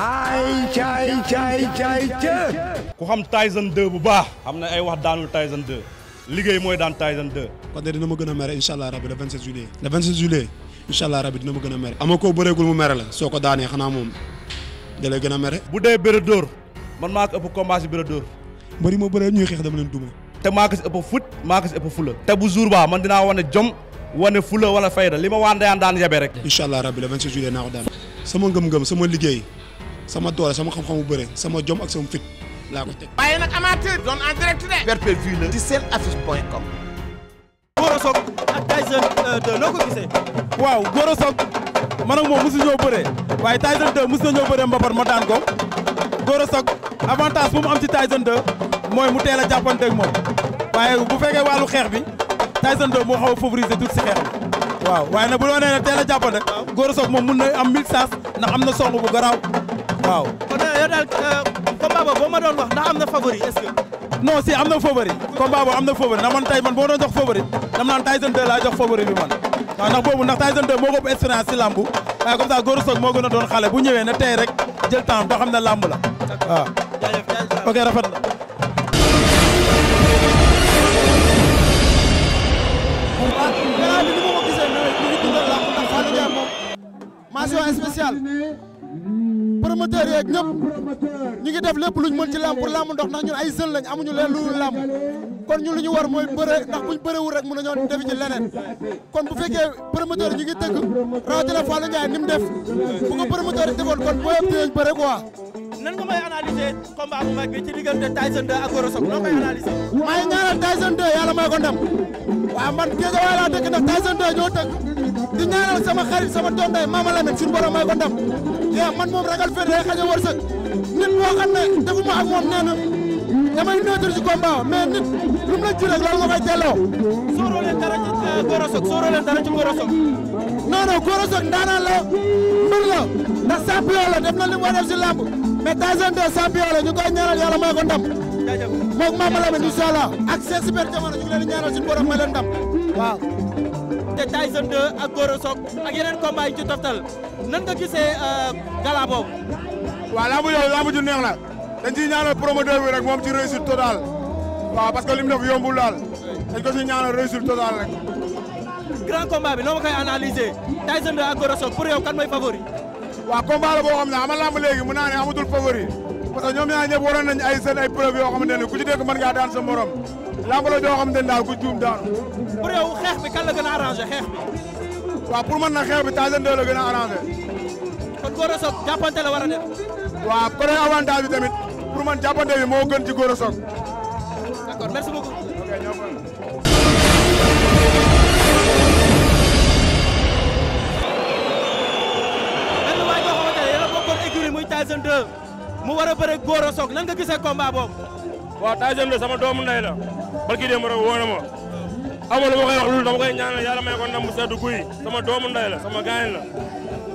ay caay caay caay caay ku xam Tyson 2 bu baax xam na ay wax daanul Tyson 2 liggéey mooy daan Tyson 2 kon de dina ma gën a mere incha allah rabi le 27 juillet le 27 juillet incha allah rabi dina ma gën a mere ama koo bëreegul mu mere la soo ko daanee xanaa moom da lay gën a mere bu dee bëre man maa ko ëpp combat si bëre dóor mbëri ma bëree ñuy xeex dama leen duma te maa ko si ëpp fut maa ko fula te bu jour ba man dinaa wane jom wane fula wala fayda li ma waan dayaan daan yebe rek incha allah rabi le 27 juillet sama ngëm-ngëm sama liggéey sama doole sama xam-xamu bëre sama jom ak sama fit laa ko teg. waaye nag amateur doon en direct de. perpétue la ci seen affiche point com. Gora Sock ak Tyson 2 euh, noo ko gisee. waaw Gora Sock man ak moom mosu ñoo bëree waaye Tyson mu mosu ñoo bëree mbapat ma daan ko Gora Sock avantage bu mu am ci Tyson mooy mu teel a jàppanteeg moom waaye bu fekkee wàllu xeex bi Tyson 2 moo xaw a favoriser tuuti xeex waaw waaye nag bu doonee ne teel a jàppante Gora mun na am mille sens ndax am na song bu garaaw. waaw kon eh, yow daal eh, combat boobu ma doon wax ndax am na favori est ce que. non si am na favori combat boobu am na favori ndax man tey man boo doon jox favori dam naan Tyson 2 jox favori bi man waaw ndax boobu ndax Tyson 2 moo ko ëpp si lambu waaye comme ça Gora Sock moo gën a doon xale bu ñëwee na tey rek jël temps ba xam ne lamb la waaw. ok rafet promoteur yeeg ñëpp ñu ngi def lépp luñ mën ci làmb pour làmb ndox ndax ñun ay jeunes lañ amuñu leen lu làmb kon ñun lu ñu war mooy bëre ndax buñ bërewul rek mën nañoo defi ci leneen kon bu fekkee promoteur ñu ngi tëgg rawatina Fallou Ndiaye ni mu def bu ko promoteur yi defoon kon boo yëpp dinañ bëre quoi. nan nga may analyser combat bu mag bi ci diggante Tyson 2 ak Gorosok noo koy analyser. may ko ndam waaw man géej waay laa dëkk ndax jeex man moom ragal fee day xañ a wërsëg nit moo xam ne defuma ak moom nee na damay neutre ci nit lu mu la ji rek loolu nga koy delloo. sóoroo leen dara ci euh, Gora Sock sóoroo leen dara ci Gora Sock. non non Gora Sock ndaanaan la mbër la ndax champion la na li mu a si làmb mais Tyson 2 champion ñu koy ñaanal yàlla may ko ndam. moom Mama Lamine incha allah ak seen super jamono ñu ngi leen di ñaanal suñu borom te Tyson 2 ak Goro ak yeneen combat yi ci toftal nan nga gisee euh, gala boobu. waaw laa bu neex la dañ ciy ñaanal promoteur bi rek moom ci réussite totale waaw parce que li mu def ko ciy ñaanal réussite totale rek. grand combat bi noo ma koy analyser Tyson 2 ak Goro yow kan mooy favori. waaw combat la boo xam ne ama lamb léegi mën naa ne parce que ñoom ñaar ñëpp waroon nañ ay seen ay yoo xamante ne ku ci nekk mën ngaa daan morom lamb la joo xamante daanu. pour yow xeex bi kan la gën a arrangé xeex bi. waaw pour man na xeex bi Tyson 2 la gën a arrangé. kon Gora Sock jàppante la war a def. waaw côté avantage bi tamit pour man jàppante bi moo gën ci Gora Sock. mu war a bëre Gora Sock lan nga gisee combat boobu. waaw Tyson de sama doomu ndey la barki démb rek woo na ma amul ma koy wax loolu dama koy ñaanal yàlla may bu seddu guy sama doomu ndey sama gaañ la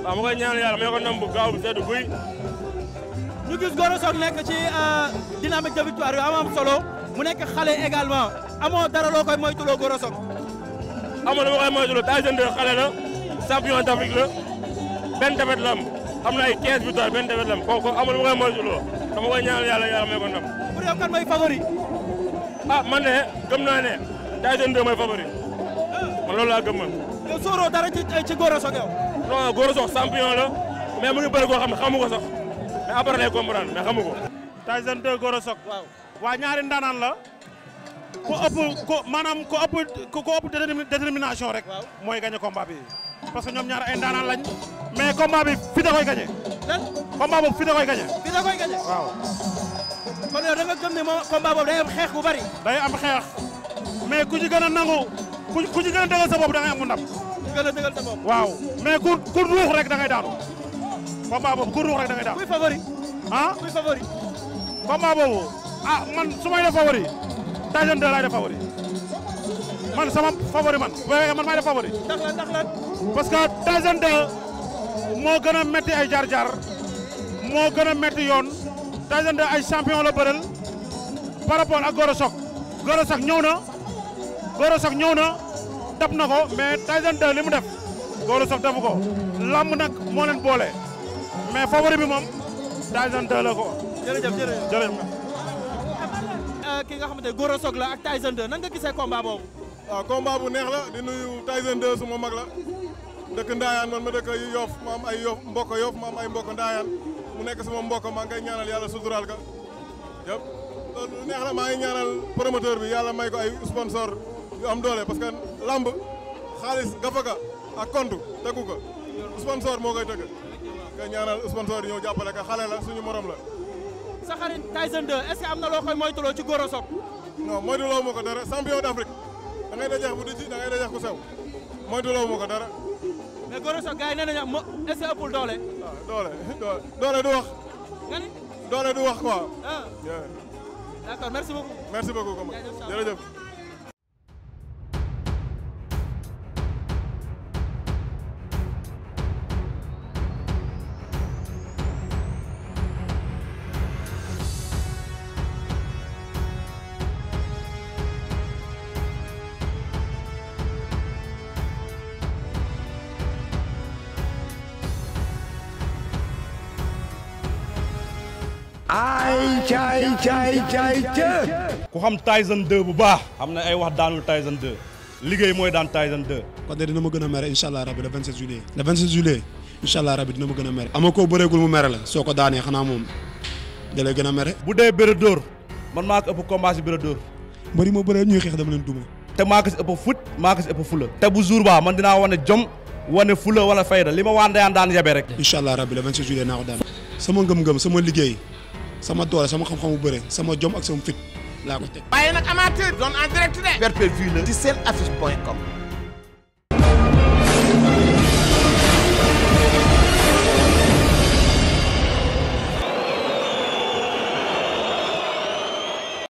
waaw ma koy ñaanal yàlla may ko ndam bu gaaw bu seddu guy. ñu gis Gora Sock nekk ci euh, dynamique de victoire yu am solo mu nekk xale également amoo dara loo koy moytuloo Gora Sock. amul ma koy moytuloo Tyson de xale la champion d'Afrique la benn defet la am. am na ay 15 victoire benn défaite lam kooku amul ma koy moytuloo dama koy ñaanal yàlla yàlla may ko ndam. pour yow kan mooy favori. ah man gëm naa ne Tyson 2 mooy favori man loolu gëm man. yow sóoroo dara ci ci Gora Sock yow. non Gora Sock la mais mu ngi bëri koo xam ne xamu ko sax mais après lay comprendre mais xamu ko. Tyson 2 waa ñaari ndaanaan la. ko ëpp ko ëpp ko rek. mooy gagné combat parce que ñoom ñaar ay ndaanaan lañ mais combat bi koy gagné. lan combat koy gagné. waaw. kon yow da nga gëm ne day am xeex bu bari. day am xeex mais ku ci nangu ku ci gën a dëggal sa bopp ndam. waaw mais ku ruux rek da daanu. combat boobu ruux rek da daanu. kuy ah? ah man su may favori Tyson 2 laay favori man sama favori man bu man maay def favori. parce que taisante moo gën a metti ay jaar-jaar moo gën a metti yoon taisante ay champion la bëreel par rapport ak Gora Sock Gora Sock ñëw na Gora Sock ñëw na dab na ko mais taisante li mu def Gora Sock defu ko làmb nag moo leen boole mais favori bi moom taisante la ko jërëjëf jërëjëf jërëjëf euh, ki nga xamante ne Gora Sock la ak Tyson 2 nan nga gisee combat boobu. waaw combat bu neex la di nuyu suma mag la dëkk Ndaayaan man ma dëkk Yoff ma ay Yoff mbokk Ndaayaan mu nekk sama mbokk maa ngay ñaanal yàlla suturaal ka yëpp neex na maa ñaanal promoteur bi yàlla may ko ay sponsor yu am doole parce que lamb xaalis gafaka ak kontu tegu ko sponsor moo koy tëgg nga ñaanal sponsor yi ñëw jàppale ka xale la suñu morom la. sa xarit Tyson am na loo ci Gora Sock. non moytuloo ma dara champion d'Afrique da ngay bu di ci da ngay dajeex ku mais Gora Sock gars yi nee nañu ma est ce que ëppul doole. waaw doole doole doole du a quoi. ah d'accord merci beaucoup. merci beaucoup Coumba caay caay caay caay ku xam Tyson 2 bu baax xam na ay wax daanul Tyson 2 liggéey mooy daan Tyson 2 kon de dina ma gën a mere incha allah rabi le 27 juillet le 27 juillet incha allah rabi dina ma gën a mere ama koo bëreegul mu mere la soo ko daanee xanaa moom da lay gën a mere bu dee bëre dóor man maa ko ëpp combat si bëre dóor mbëri ma bëree ñuy xeex dama leen duma te maa ko si ëpp fut maa si ëpp fula te bu jour ba man dinaa wane jom wane fula wala fayda li ma waan daan yabe rek incha allah rabi le 27 juillet naa sama ngëm-ngëm sama liggéey sama doole sama xam-xam bu bëre sama jom ak sama fit laa ko teg. waaye nag amateur doon en direct de. pay-per-view la ci seen affiche point